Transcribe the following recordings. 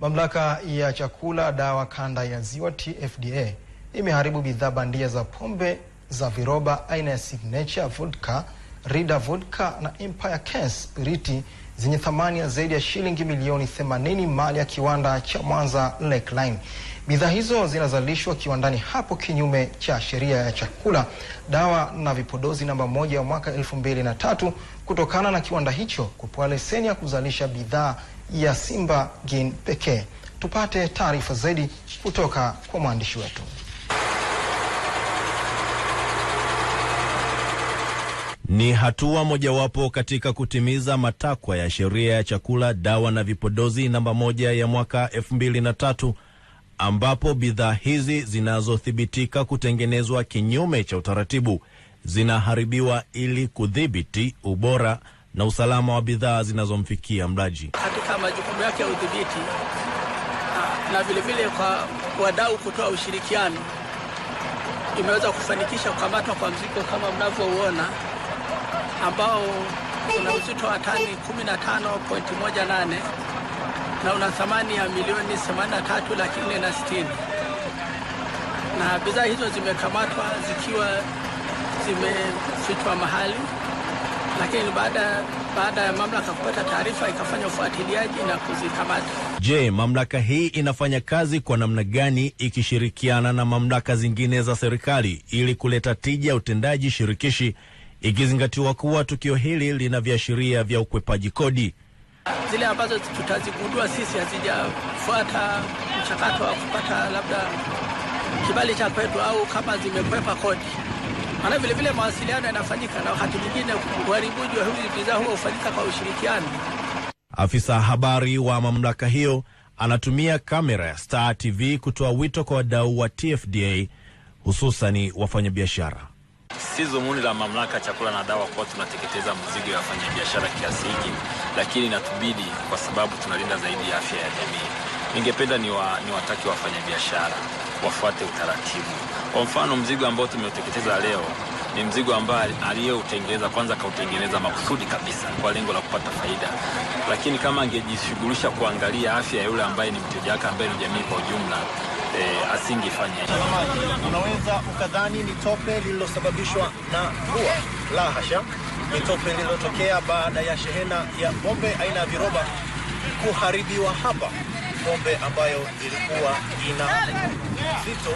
Mamlaka ya chakula dawa kanda ya Ziwa TFDA imeharibu bidhaa bandia za pombe za viroba aina ya Signature Vodka, Rida Vodka na Empire Case Spiriti zenye thamani ya zaidi ya shilingi milioni 80 mali ya kiwanda cha Mwanza Lake Line. Bidhaa hizo zinazalishwa kiwandani hapo kinyume cha sheria ya chakula, dawa na vipodozi namba moja ya mwaka tatu kutokana na kiwanda hicho kupewa leseni ya kuzalisha bidhaa ya Simba Gin pekee. Tupate taarifa zaidi kutoka kwa mwandishi wetu. Ni hatua mojawapo katika kutimiza matakwa ya sheria ya chakula, dawa na vipodozi namba moja ya mwaka elfu mbili na tatu ambapo bidhaa hizi zinazothibitika kutengenezwa kinyume cha utaratibu zinaharibiwa ili kudhibiti ubora na usalama wa bidhaa zinazomfikia mlaji katika majukumu yake ya udhibiti ah, na vilevile kwa wadau kutoa ushirikiano imeweza kufanikisha kukamatwa kwa mzigo kama mnavyouona ambao una uzito wa tani 15.18 na una thamani ya milioni 83 laki 4 na na bidhaa hizo zimekamatwa zikiwa zimefichwa mahali lakini baada baada ya mamlaka kupata taarifa ikafanya ufuatiliaji na kuzikamata. Je, mamlaka hii inafanya kazi kwa namna gani ikishirikiana na mamlaka zingine za serikali ili kuleta tija ya utendaji shirikishi ikizingatiwa kuwa tukio hili lina viashiria vya ukwepaji kodi? Zile ambazo tutazigundua sisi hazijafuata mchakato wa kupata labda kibali cha kwetu au kama zimekwepa kodi maana vile vile mawasiliano yanafanyika na wakati mwingine uharibuji wa hizi bidhaa huwa hufanyika kwa ushirikiano. Afisa habari wa mamlaka hiyo anatumia kamera ya Star TV kutoa wito kwa wadau wa TFDA hususani wafanyabiashara. Si dhumuni la mamlaka ya chakula na dawa kuwa tunateketeza mzigo ya wafanyabiashara kiasi hiki, lakini inatubidi kwa sababu tunalinda zaidi ya afya ya jamii. Ningependa ni, wa, ni wataki wafanyabiashara wafuate utaratibu. Kwa mfano, mzigo ambao tumeuteketeza leo ni mzigo ambaye aliyeutengeneza kwanza, akautengeneza makusudi kabisa kwa lengo la kupata faida, lakini kama angejishughulisha kuangalia afya ya yule ambaye ni mteja wake, ambaye ni jamii kwa ujumla eh, asingefanya hivyo. Unaweza ukadhani ni tope lililosababishwa na mvua. La hasha, ni tope lililotokea baada ya shehena ya ngombe aina ya viroba kuharibiwa hapa pombe ambayo ilikuwa ina uzito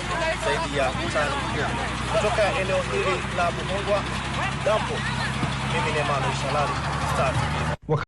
zaidi ya tani Kutoka eneo hili la Buhongwa dampo, mimi ni Emmanuel Shalali, Star TV.